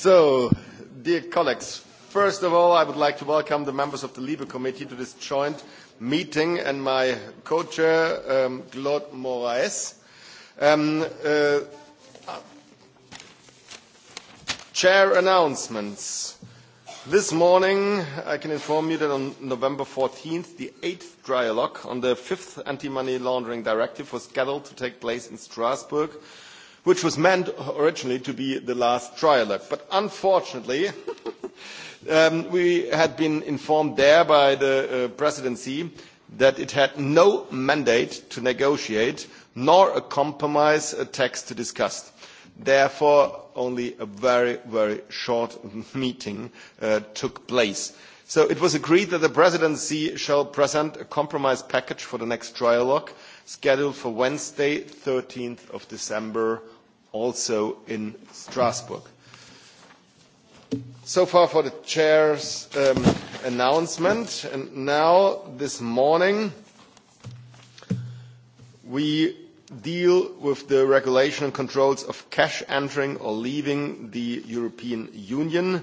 So, dear colleagues, first of all, I would like to welcome the members of the LIBE Committee to this joint meeting and my co-chair, um, Claude Moraes. Um, uh, chair announcements. This morning, I can inform you that on November 14th, the eighth dialogue on the fifth anti-money laundering directive was scheduled to take place in Strasbourg which was meant originally to be the last trilogue, But unfortunately, um, we had been informed there by the uh, presidency that it had no mandate to negotiate nor a compromise text to discuss. Therefore, only a very, very short meeting uh, took place. So it was agreed that the presidency shall present a compromise package for the next trilogue scheduled for Wednesday, 13th of December, also in Strasbourg. So far for the chair's um, announcement. And now, this morning, we deal with the regulation and controls of cash entering or leaving the European Union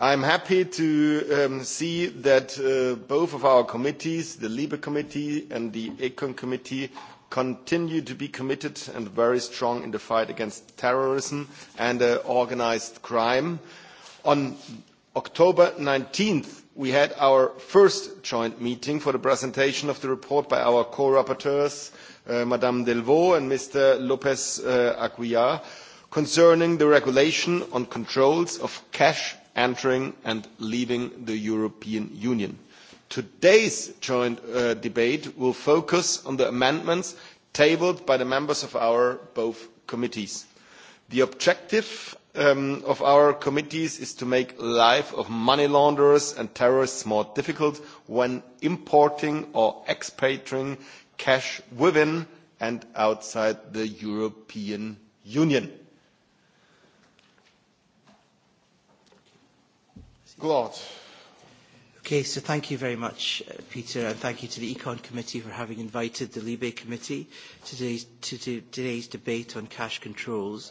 i am happy to um, see that uh, both of our committees the libe committee and the econ committee continue to be committed and very strong in the fight against terrorism and uh, organised crime. on october 19th we had our first joint meeting for the presentation of the report by our co rapporteurs uh, Madame ms delvaux and mr Lopez aguilar concerning the regulation on controls of cash entering and leaving the European Union. Today's joint uh, debate will focus on the amendments tabled by the members of our both committees. The objective um, of our committees is to make the life of money launderers and terrorists more difficult when importing or expatriating cash within and outside the European Union. Glad. Okay, so thank you very much, uh, Peter, and thank you to the Econ Committee for having invited the Libe Committee to today's, to, today's debate on cash controls.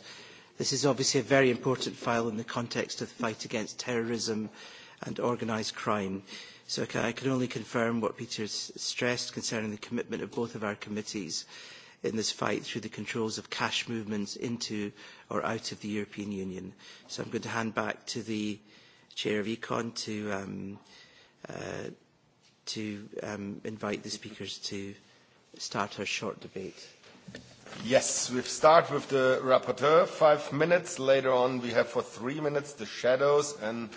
This is obviously a very important file in the context of the fight against terrorism and organised crime. So I can only confirm what Peter has stressed concerning the commitment of both of our committees in this fight through the controls of cash movements into or out of the European Union. So I'm going to hand back to the Chair of Econ to um, uh, to um, invite the speakers to start our short debate. Yes, we start with the rapporteur, five minutes. Later on, we have for three minutes the shadows, and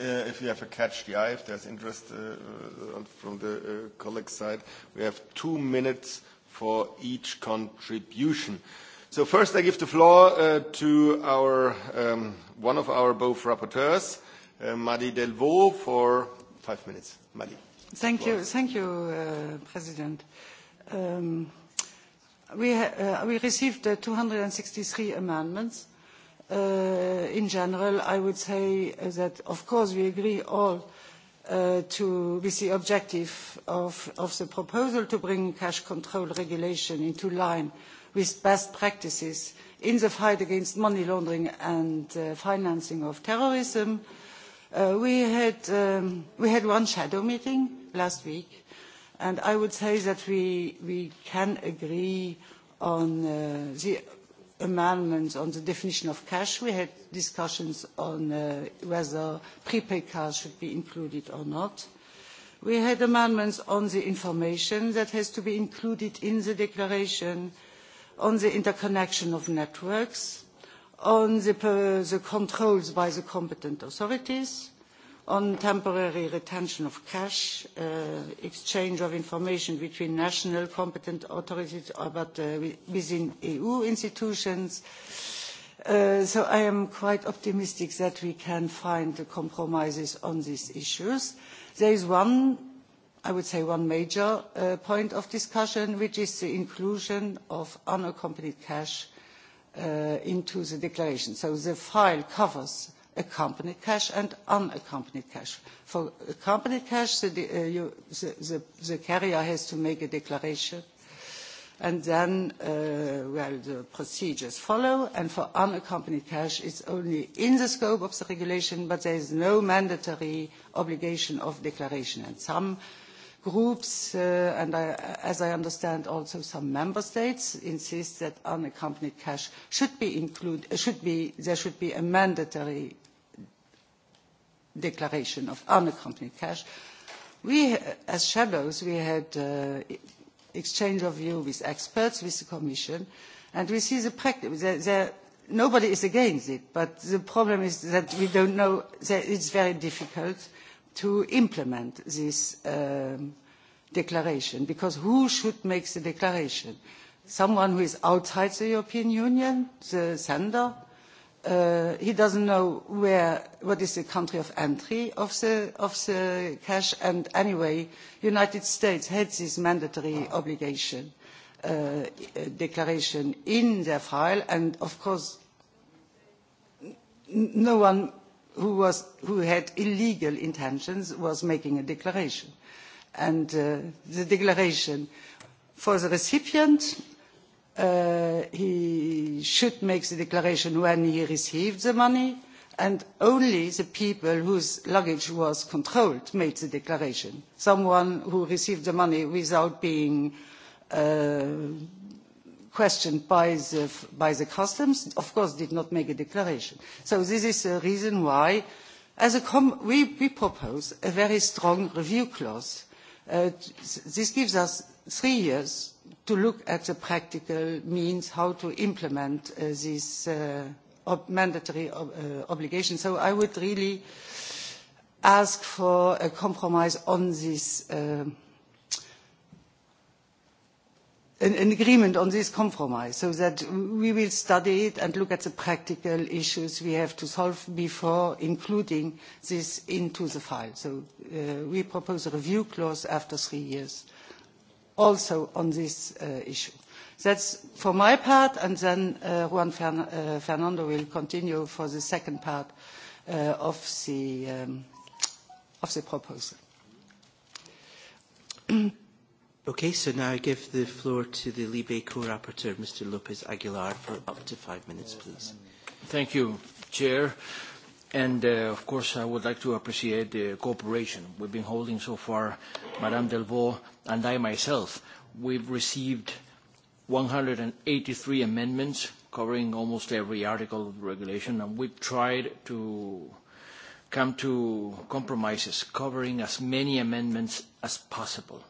uh, if you have a catch the eye, if there's interest uh, from the colleague side, we have two minutes for each contribution. So first, I give the floor to our um, one of our both rapporteurs, madi uh, Marie Delvaux for five minutes. madi. Thank you, thank you, uh, President. Um, we, uh, we received uh, 263 amendments. Uh, in general, I would say that, of course, we agree all to, with the objective of, the proposal to bring cash control regulation into line with best practices in the fight against money laundering and financing of terrorism, Uh, we had, um, we had one shadow meeting last week, and I would say that we, can agree on uh, the amendments on the definition of cash. We had discussions on uh, whether prepaid cards should be included or not. We had amendments on the information that has to be included in the declaration, on the interconnection of networks, on the, controls by the competent authorities, on temporary retention of cash, uh, exchange of information between national competent authorities but uh, within EU institutions. Uh, so I am quite optimistic that we can find the compromises on these issues. There is one, I would say one major point of discussion, which is the inclusion of unaccompanied cash Uh, into the declaration. So the file covers accompanied cash and unaccompanied cash. For accompanied cash, the, uh, the, carrier has to make a declaration and then uh, well the procedures follow and for unaccompanied cash it's only in the scope of the regulation but there is no mandatory obligation of declaration and some groups uh, and as i understand also some member states insist that unaccompanied cash should be included uh, should be there should be a mandatory declaration of unaccompanied cash we as shadows we had uh, exchange of views with experts with the commission and we see the practice nobody is against it but the problem is that we don't know that it's very difficult to implement this um, declaration because who should make the declaration? someone who is outside the european union the sender He uh, he doesn't know where what is the country of entry of the of the cash and anyway united states had this mandatory obligation uh, declaration in their file and of course no one who, was, who had illegal intentions was making a declaration. And uh, the declaration for the recipient, uh, he should make the declaration when he received the money, and only the people whose luggage was controlled made the declaration. Someone who received the money without being uh, questioned by the, by the customs of course did not make a declaration. so this is the reason why as a com we, we propose a very strong review clause. Uh, this gives us three years to look at the practical means how to implement uh, this uh, mandatory obligation. so i would really ask for a compromise on this an, agreement on this compromise so that we will study it and look at the practical issues we have to solve before including this into the file. So uh, we propose a review clause after three years also on this uh, issue. That's for my part and then uh, Juan Fernando will continue for the second part of the, um, of the proposal. Okay, so now I give the floor to the Libe co-rapporteur, Mr. Lopez Aguilar, for up to five minutes, please. Thank you, Chair. And uh, of course, I would like to appreciate the cooperation we've been holding so far, Madame Delvaux and I myself. We've received 183 amendments covering almost every article of the regulation, and we've tried to come to compromises covering as many amendments as possible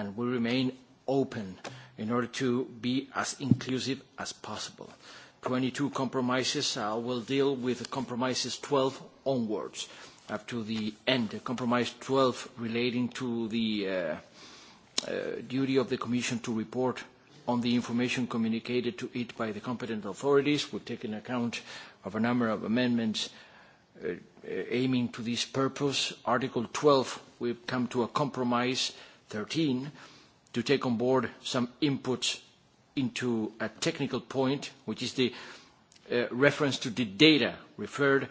and will remain open in order to be as inclusive as possible. 22 compromises uh, will deal with compromises 12 onwards up to the end. Compromise 12 relating to the uh, uh, duty of the Commission to report on the information communicated to it by the competent authorities. We've taken account of a number of amendments uh, aiming to this purpose. Article 12, we've come to a compromise 13 to take on board some input into a technical point, which is the uh, reference to the data referred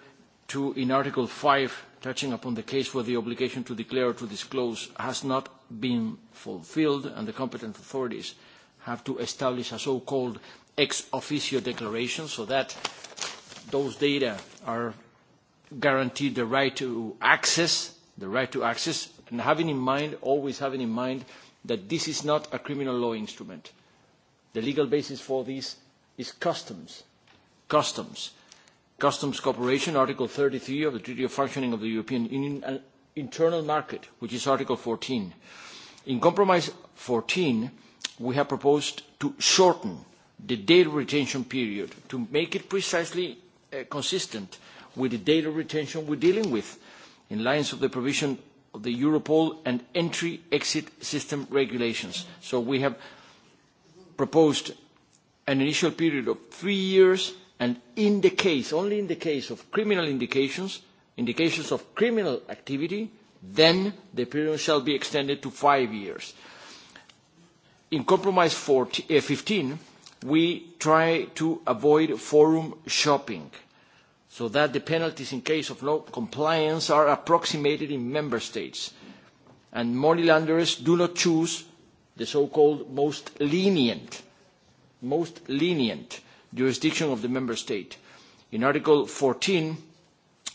to in Article 5, touching upon the case where the obligation to declare or to disclose has not been fulfilled, and the competent authorities have to establish a so-called ex officio declaration, so that those data are guaranteed the right to access, the right to access and having in mind, always having in mind, that this is not a criminal law instrument. The legal basis for this is customs. Customs. Customs cooperation, Article 33 of the Treaty of Functioning of the European Union, and internal market, which is Article 14. In Compromise 14, we have proposed to shorten the data retention period to make it precisely uh, consistent with the data retention we're dealing with in lines of the provision of the Europol and entry exit system regulations. So we have proposed an initial period of three years and in the case, only in the case of criminal indications, indications of criminal activity, then the period shall be extended to five years. In Compromise 14, 15, eh, we try to avoid forum shopping – so that the penalties in case of no compliance are approximated in member states and money launderers do not choose the so-called most lenient most lenient jurisdiction of the member state in article 14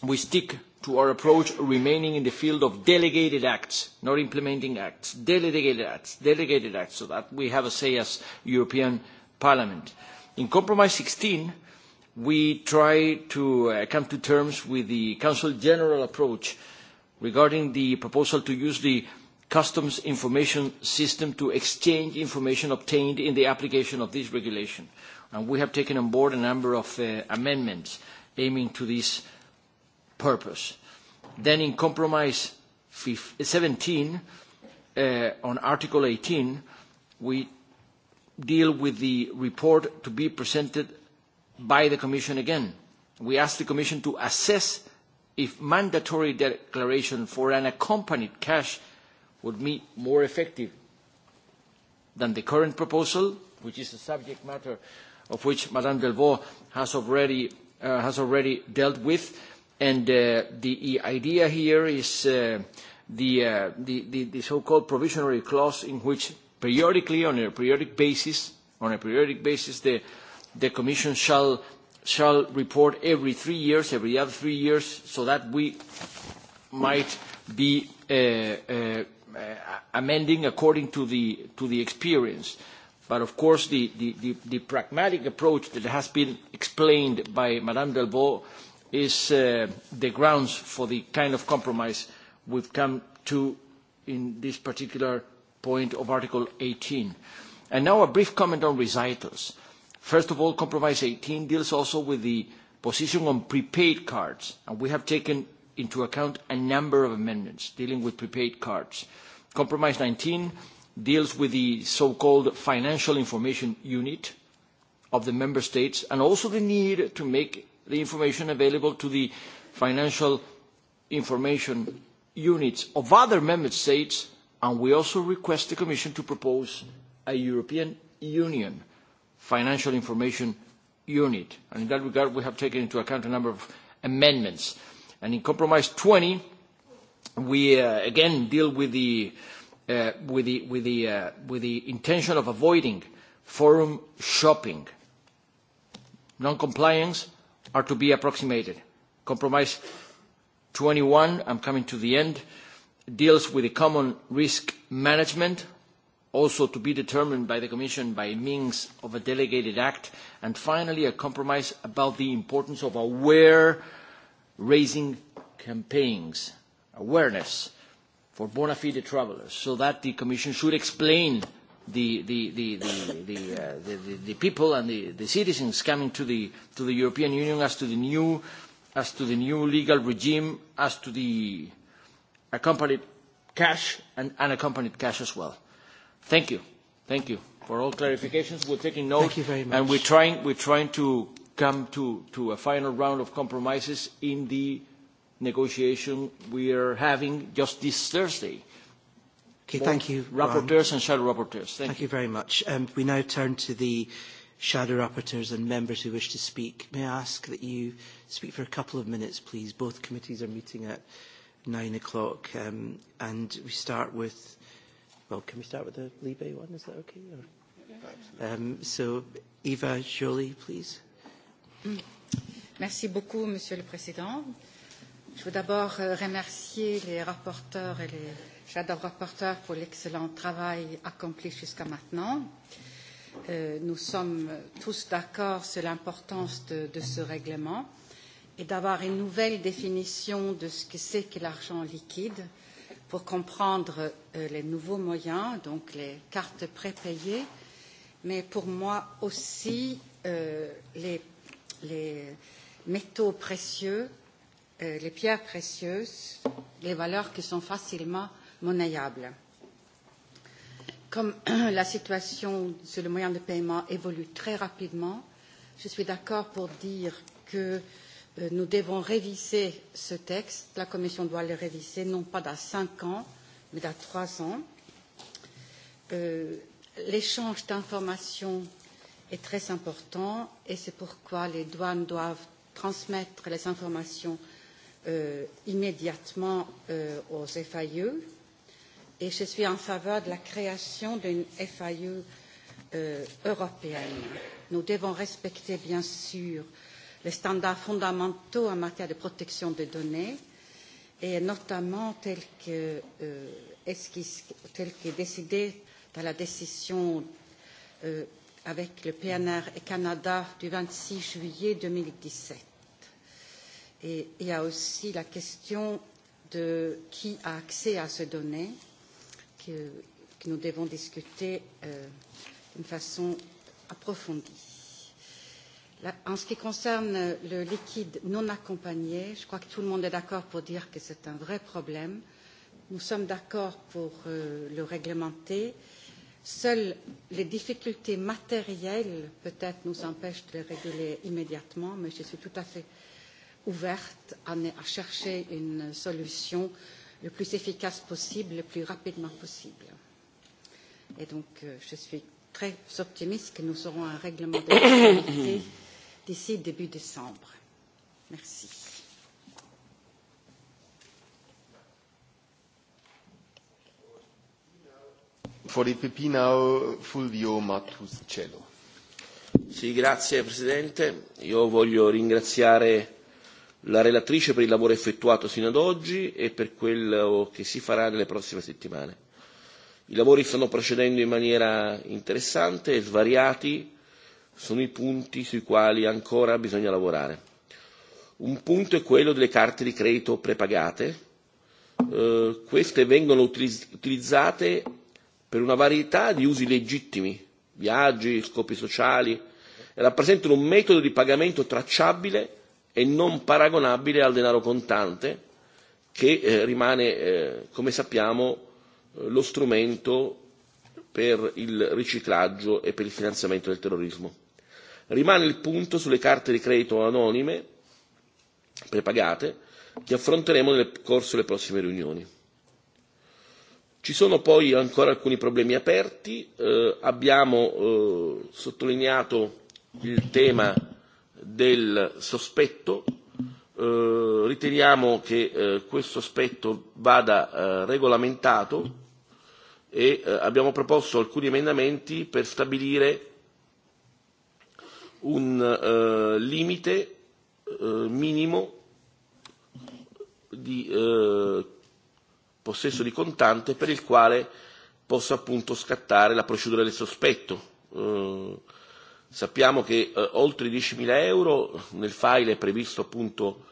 we stick to our approach remaining in the field of delegated acts not implementing acts delegated acts delegated acts so that we have a say as european parliament in compromise 16 we try to uh, come to terms with the Council general approach regarding the proposal to use the customs information system to exchange information obtained in the application of this regulation. And we have taken on board a number of uh, amendments aiming to this purpose. Then in Compromise 17, uh, on Article 18, we deal with the report to be presented by the Commission again. We asked the Commission to assess if mandatory declaration for an accompanied cash would be more effective than the current proposal, which is a subject matter of which Madame Delvaux has already, uh, has already dealt with. And uh, the idea here is uh, the, the, the, the so-called provisionary clause in which periodically, on a periodic basis, on a periodic basis, the the Commission shall, shall report every three years, every other three years, so that we might be uh, uh, amending according to the, to the experience. But of course, the, the, the, pragmatic approach that has been explained by Madame Delvaux is uh, the grounds for the kind of compromise we've come to in this particular point of Article 18. And now a brief comment on recitals. First of all, Compromise 18 deals also with the position on prepaid cards, and we have taken into account a number of amendments dealing with prepaid cards. Compromise 19 deals with the so-called financial information unit of the member states and also the need to make the information available to the financial information units of other member states and we also request the commission to propose a european union financial information unit. And in that regard, we have taken into account a number of amendments. And in compromise 20, we uh, again deal with the, uh, uh, with the intention of avoiding forum shopping. Non-compliance are to be approximated. Compromise 21, I'm coming to the end, deals with the common risk management also to be determined by the Commission by means of a delegated act, and finally a compromise about the importance of aware-raising campaigns, awareness for bona fide travellers, so that the Commission should explain the, the, the, the, uh, the, the, the people and the, the citizens coming to the, to the European Union as to the new as to the new legal regime, as to the accompanied cash and unaccompanied cash as well. Thank you. Thank you for all clarifications. We're taking note. Thank you very much. And we're trying, we're trying to come to, to a final round of compromises in the negotiation we are having just this Thursday. Okay, thank you. Rapporteurs and shadow rapporteurs. Thank, thank you. you very much. Um, we now turn to the shadow rapporteurs and members who wish to speak. May I ask that you speak for a couple of minutes, please? Both committees are meeting at nine o'clock, um, and we start with Well, can we start with the Libe one? Is that okay? Or... Um, so, Eva Jolie, please. Mm. Merci beaucoup, Monsieur le Président. Je veux d'abord euh, remercier les rapporteurs et les shadow rapporteurs pour l'excellent travail accompli jusqu'à maintenant. Euh, nous sommes tous d'accord sur l'importance de, de ce règlement et d'avoir une nouvelle définition de ce que c'est que l'argent liquide pour comprendre euh, les nouveaux moyens, donc les cartes prépayées, mais pour moi aussi euh, les, les métaux précieux, euh, les pierres précieuses, les valeurs qui sont facilement monnayables. Comme la situation sur le moyen de paiement évolue très rapidement, je suis d'accord pour dire que Euh, nous devons réviser ce texte. La Commission doit le réviser non pas dans cinq ans, mais dans trois ans. Euh, l'échange d'informations est très important et c'est pourquoi les douanes doivent transmettre les informations euh, immédiatement aux FAIE. Et je suis en faveur de la création d'une FAIE européenne. Nous devons respecter, bien sûr, les standards fondamentaux en matière de protection des données et notamment tel que, euh, tels que décidé dans la décision euh, avec le PNR et Canada du 26 juillet 2017. Et il y a aussi la question de qui a accès à ces données que, que nous devons discuter euh, d'une façon approfondie. En ce qui concerne le liquide non accompagné, je crois que tout le monde est d'accord pour dire que c'est un vrai problème. Nous sommes d'accord pour euh, le réglementer. Seules les difficultés matérielles, peut-être, nous empêchent de le réguler immédiatement, mais je suis tout à fait ouverte à, chercher une solution le plus efficace possible, le plus rapidement possible. Et donc, euh, je suis très optimiste que nous aurons un règlement de d'ici début décembre. Merci. For Fulvio Sì, grazie Presidente. Io voglio ringraziare la relatrice per il lavoro effettuato sino ad oggi e per quello che si farà nelle prossime settimane. I lavori stanno procedendo in maniera interessante e svariati sono i punti sui quali ancora bisogna lavorare. Un punto è quello delle carte di credito prepagate. Eh, queste vengono utilizzate per una varietà di usi legittimi, viaggi, scopi sociali, e rappresentano un metodo di pagamento tracciabile e non paragonabile al denaro contante, che eh, rimane, eh, come sappiamo, lo strumento per il riciclaggio e per il finanziamento del terrorismo. Rimane il punto sulle carte di credito anonime prepagate che affronteremo nel corso delle prossime riunioni. Ci sono poi ancora alcuni problemi aperti, eh, abbiamo eh, sottolineato il tema del sospetto, eh, riteniamo che questo aspetto vada regolamentato e abbiamo proposto alcuni emendamenti per stabilire un eh, limite eh, minimo di eh, possesso di contante per il quale possa appunto scattare la procedura del sospetto. Sappiamo che oltre i 10.000 euro nel file è previsto appunto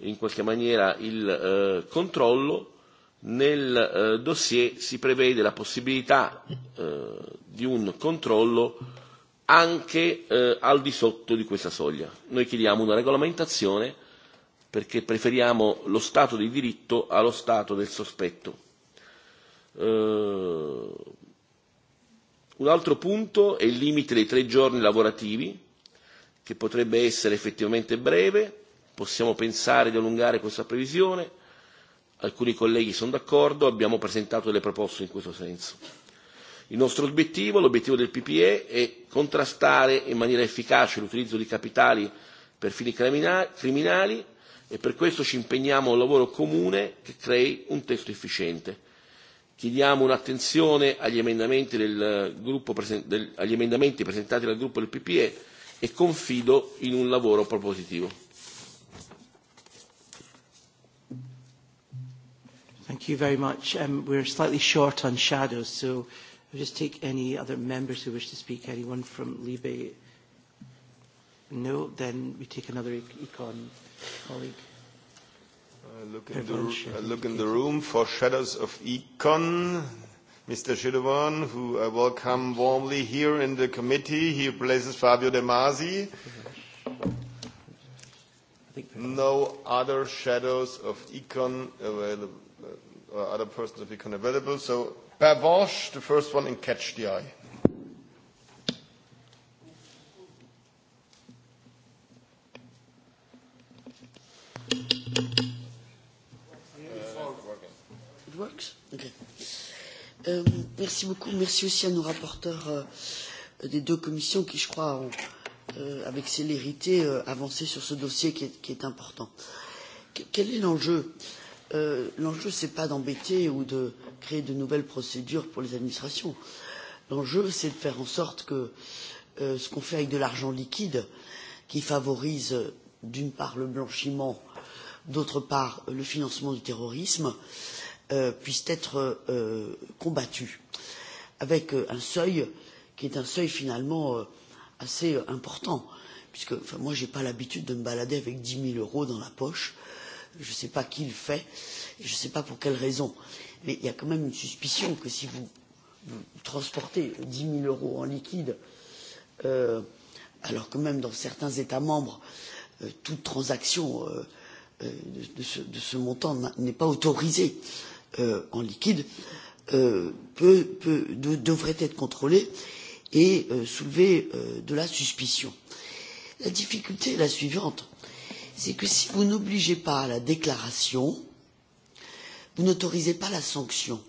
in qualche maniera il controllo, nel dossier si prevede la possibilità di un controllo anche eh, al di sotto di questa soglia. Noi chiediamo una regolamentazione perché preferiamo lo Stato di diritto allo Stato del sospetto. Eh, un altro punto è il limite dei tre giorni lavorativi, che potrebbe essere effettivamente breve, possiamo pensare di allungare questa previsione, alcuni colleghi sono d'accordo, abbiamo presentato delle proposte in questo senso Il nostro obiettivo, l'obiettivo del PPE, è contrastare in maniera efficace l'utilizzo di capitali per fini criminali e per questo ci impegniamo a un lavoro comune che crei un testo efficiente. Chiediamo un'attenzione agli emendamenti, agli emendamenti presentati dal gruppo del PPE e confido in un lavoro propositivo. Thank you very much. Um, slightly short on shadows, so I'll just take any other members who wish to speak. Anyone from Libe? No? Then we take another e-, econ colleague. I look, in the, I look in the room for shadows of econ. Mr. Shidovan, who I welcome warmly here in the committee. He replaces Fabio De Masi. No other shadows of econ available uh, other persons have become available. So, Pervenche, the first one, and Catch the Eye. It works? Okay. Euh, merci beaucoup. Merci aussi à nos rapporteurs euh, des deux commissions qui, je crois, ont, euh, avec célérité, euh, avancé sur ce dossier qui est, qui est important. quel est l'enjeu euh, Euh, l'enjeu ce n'est pas d'embêter ou de créer de nouvelles procédures pour les administrations. L'enjeu, c'est de faire en sorte que euh, ce qu'on fait avec de l'argent liquide, qui favorise d'une part le blanchiment, d'autre part le financement du terrorisme, euh, puisse être euh, combattu avec un seuil qui est un seuil finalement assez important, puisque enfin, moi je n'ai pas l'habitude de me balader avec dix 000 euros dans la poche je ne sais pas qui le fait et je ne sais pas pour quelle raison mais il y a quand même une suspicion que si vous, transportez dix zéro euros en liquide euh, alors que même dans certains états membres euh, toute transaction euh, euh, de, ce, de ce montant n'est pas autorisée en liquide peut, peut, devrait être contrôlée et soulever de la suspicion. la difficulté est la suivante c'est que si vous n'obligez pas à la déclaration, vous n'autorisez pas la sanction.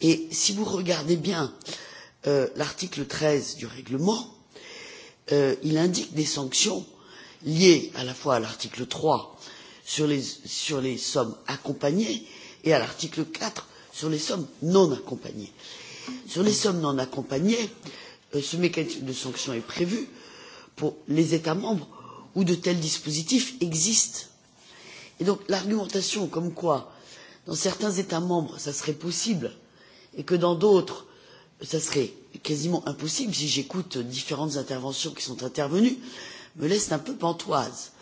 Et si vous regardez bien euh, l'article 13 du règlement, euh, il indique des sanctions liées à la fois à l'article 3 sur les, sur les sommes accompagnées et à l'article 4 sur les sommes non accompagnées. Sur les sommes non accompagnées, euh, ce mécanisme de sanction est prévu pour les États membres où de tels dispositifs existent. Et donc l'argumentation comme quoi dans certains États membres ça serait possible et que dans d'autres ça serait quasiment impossible si j'écoute différentes interventions qui sont intervenues me laisse un peu pantoise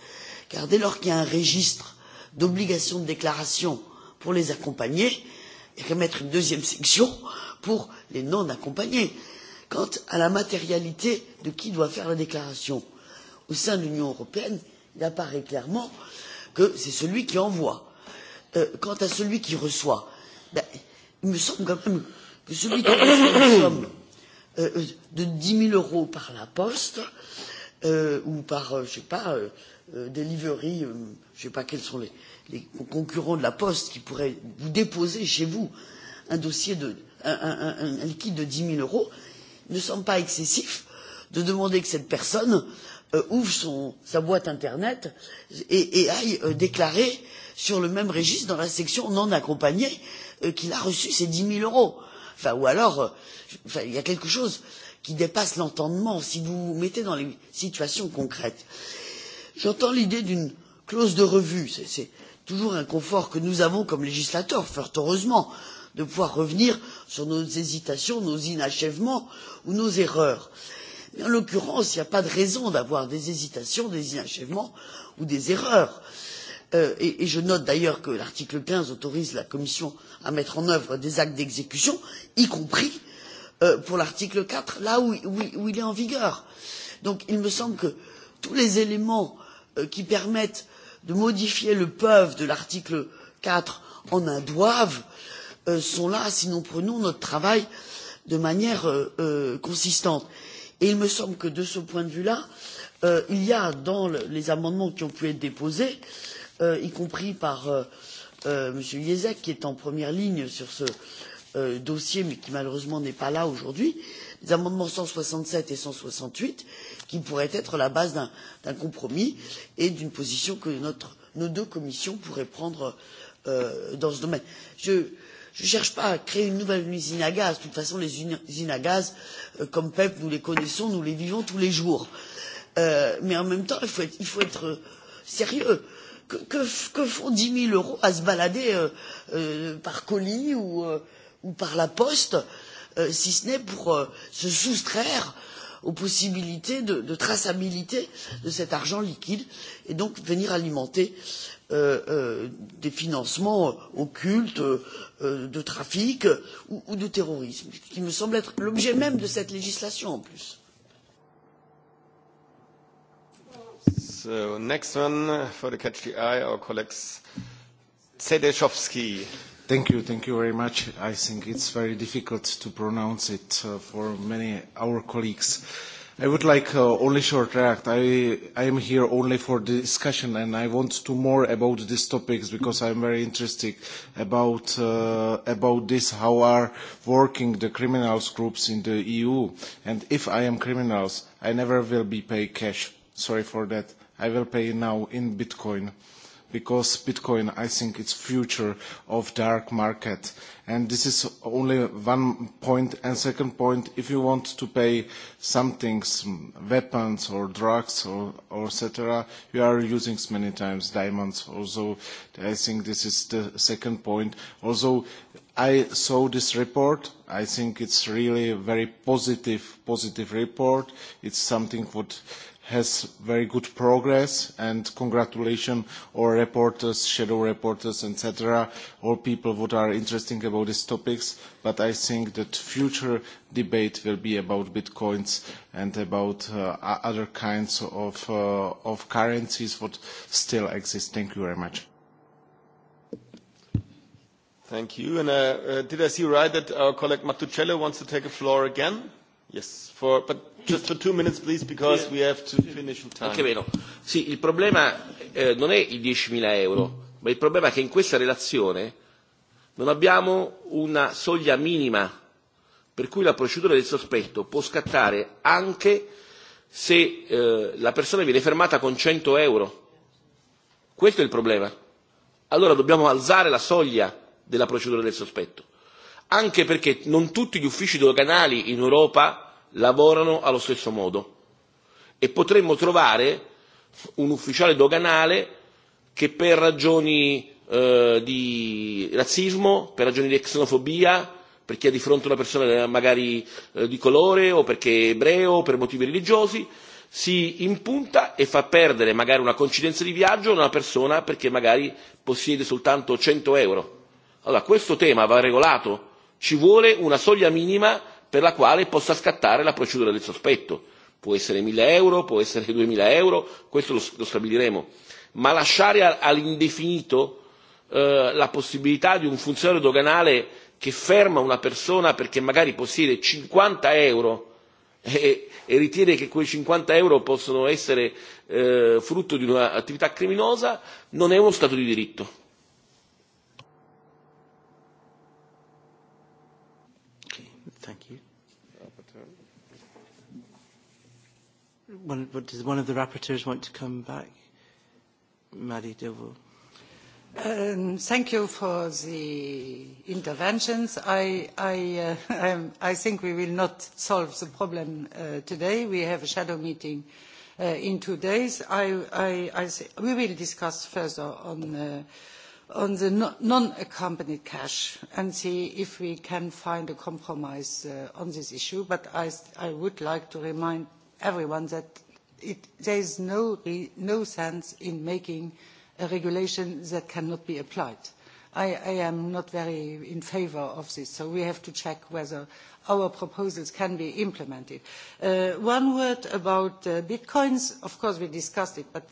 car dès lors qu'il y a un registre d'obligation de déclaration pour les accompagner et remettre une deuxième section pour les non accompagnés. Quant à la matérialité de qui doit faire la déclaration, au sein de l'Union européenne, il apparaît clairement que c'est celui qui envoie. Euh, quant à celui qui reçoit, il me semble quand même que celui qui reçoit une somme euh, de 10 000 euros par la poste, euh, ou par, euh, je sais pas, euh, euh, delivery, euh, je sais pas quels sont les, concurrents de la poste qui pourraient vous déposer chez vous un dossier de, un, un, un, liquide de 10 000 euros, ne semble pas excessif de demander que cette personne Euh, ouvre son, sa boîte internet et, et aille euh, déclarer sur le même registre dans la section non accompagnée euh, qu'il a reçu ses dix mille euros. Enfin, ou alors, il y a quelque chose qui dépasse l'entendement si vous vous mettez dans les situations concrètes. J'entends l'idée d'une clause de revue. C'est toujours un confort que nous avons comme législateurs, fort heureusement, de pouvoir revenir sur nos hésitations, nos inachèvements ou nos erreurs en l'occurrence il n'y a pas de raison d'avoir des hésitations des inachèvements ou des erreurs euh, et, et je note d'ailleurs que l'article quinze autorise la commission à mettre en œuvre des actes d'exécution y compris euh, pour l'article quatre là où, il est en vigueur. donc il me semble que tous les éléments euh, qui permettent de modifier le peuvent de l'article quatre en un doivent sont là si nous prenons notre travail de manière consistante il me semble que de ce point de vue là euh, il y a dans les amendements qui ont pu être déposés euh, y compris par euh, m. jezek qui est en première ligne sur ce dossier mais qui malheureusement n'est pas là aujourd'hui les amendements cent soixante sept et cent soixante huit qui pourraient être la base d'un compromis et d'une position que notre, nos deux commissions pourraient prendre dans ce domaine je ne cherche pas à créer une nouvelle usine à gaz. De toute façon, les usines à gaz, euh, comme PEP, nous les connaissons, nous les vivons tous les jours. Euh, mais en même temps, il faut être, il faut être euh, sérieux. Que, que, que font 10 000 euros à se balader euh, euh, par colis ou, euh, ou par la poste, euh, si ce n'est pour euh, se soustraire aux possibilités de, traçabilité de cet argent liquide et donc venir alimenter euh, euh, des financements occultes euh, de trafic ou, de terrorisme qui me semble être l'objet même de cette législation en plus. next one for the catch our Thank you, thank you very much. I think it's very difficult to pronounce it uh, for many our colleagues. I would like uh, only short react. I, I am here only for the discussion and I want to more about these topics because I am very interested about, uh, about this, how are working the criminals groups in the EU. And if I am criminals, I never will be paid cash. Sorry for that. I will pay now in Bitcoin because Bitcoin, I think, it's future of dark market. And this is only one point. And second point, if you want to pay some things, mm, weapons or drugs or, etc., you are using many times diamonds. Also, I think this is the second point. Also, I saw this report. I think it's really a very positive, positive report. It's something what has very good progress and congratulations all reporters, shadow reporters, etc., all people who are interesting about these topics. But I think that future debate will be about bitcoins and about uh, other kinds of, uh, of currencies that still exist. Thank you very much. Thank you. And uh, uh did I see right that our colleague Mattucello wants to take the floor again? Yes, for, but just for minutes, please, because we have to finish time. Sì, il problema eh, non è i 10.000 euro, ma il problema è che in questa relazione non abbiamo una soglia minima per cui la procedura del sospetto può scattare anche se eh, la persona viene fermata con 100 euro. Questo è il problema. Allora dobbiamo alzare la soglia della procedura del sospetto anche perché non tutti gli uffici doganali in Europa lavorano allo stesso modo e potremmo trovare un ufficiale doganale che per ragioni eh, di razzismo, per ragioni di xenofobia, perché ha di fronte una persona eh, magari eh, di colore o perché è ebreo o per motivi religiosi, si impunta e fa perdere magari una coincidenza di viaggio a una persona perché magari possiede soltanto 100 euro. Allora questo tema va regolato ci vuole una soglia minima per la quale possa scattare la procedura del sospetto può essere mille euro può essere duemila euro questo lo, stabiliremo ma lasciare all'indefinito eh, la possibilità di un funzionario doganale che ferma una persona perché magari possiede 50 euro e, e, ritiene che quei 50 euro possono essere eh, frutto di un'attività criminosa non è uno stato di diritto Thank you. One, does one of the rapporteurs want to come back? Marie Devil. Um, thank you for the interventions. I, I, uh, I think we will not solve the problem uh, today. We have a shadow meeting uh, in two days. I, I, I th we will discuss further on uh, on the non accompanied cash and see if we can find a compromise uh, on this issue but I, i would like to remind everyone that there is no, no sense in making a regulation that cannot be applied. i, I am not very in favour of this so we have to check whether our proposals can be implemented. Uh, one word about uh, bitcoins of course we discussed it but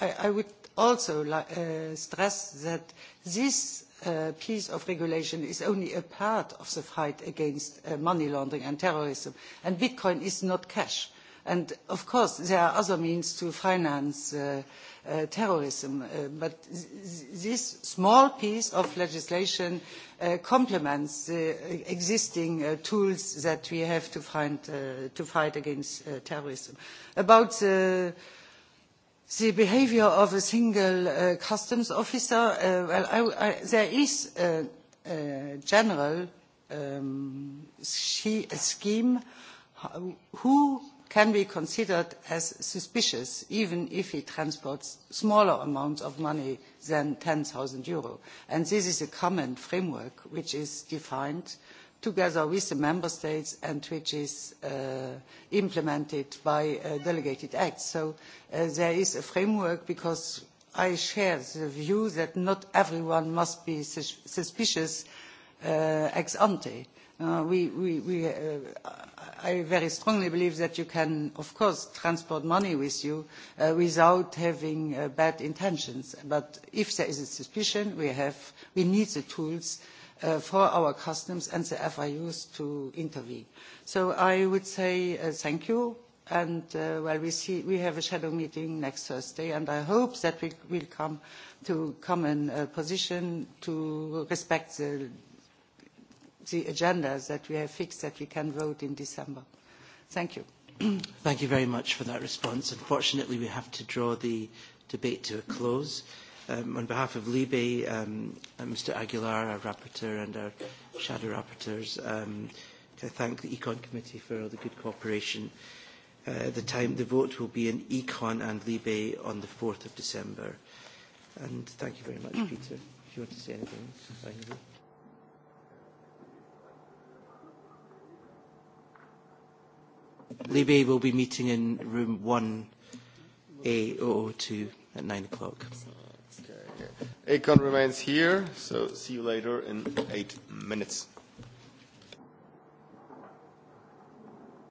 i, I would also uh, stress that this uh, piece of regulation is only a part of the fight against uh, money laundering and terrorism and bitcoin is not cash and of course there are other means to finance terrorism but this small piece of legislation complements the existing tools that we have to, fight against terrorism. about the behaviour of a single uh, customs officer, uh, well, there is a, general um, scheme who can be considered as suspicious even if he transports smaller amounts of money than 10,000 euro. And this is a common framework which is defined together with the member states and which is uh, implemented by uh, delegated acts. so uh, there is a framework because i share the view that not everyone must be suspicious ex ante. We, we, we, i very strongly believe that you can of course transport money with you without having bad intentions but if there is a suspicion we, have, we need the tools Uh, for our customs and the FIUs to intervene. So I would say uh, thank you and uh, well we see we have a shadow meeting next Thursday and I hope that we will come to common position to respect the, the agenda that we have fixed that we can vote in December. Thank you. Thank you very much for that response. Unfortunately we have to draw the debate to a close. Um, on behalf of Libe, um, uh, Mr Aguilar, our rapporteur, and our shadow rapporteurs, um, to thank the Econ Committee for all the good cooperation. Uh, the time the vote will be in Econ and Libe on the 4th of December. And thank you very much, mm. Peter. If you want to say anything, finally. Libe will be meeting in room 1A002 at 9 o'clock. Econ remains here, so see you later in eight minutes.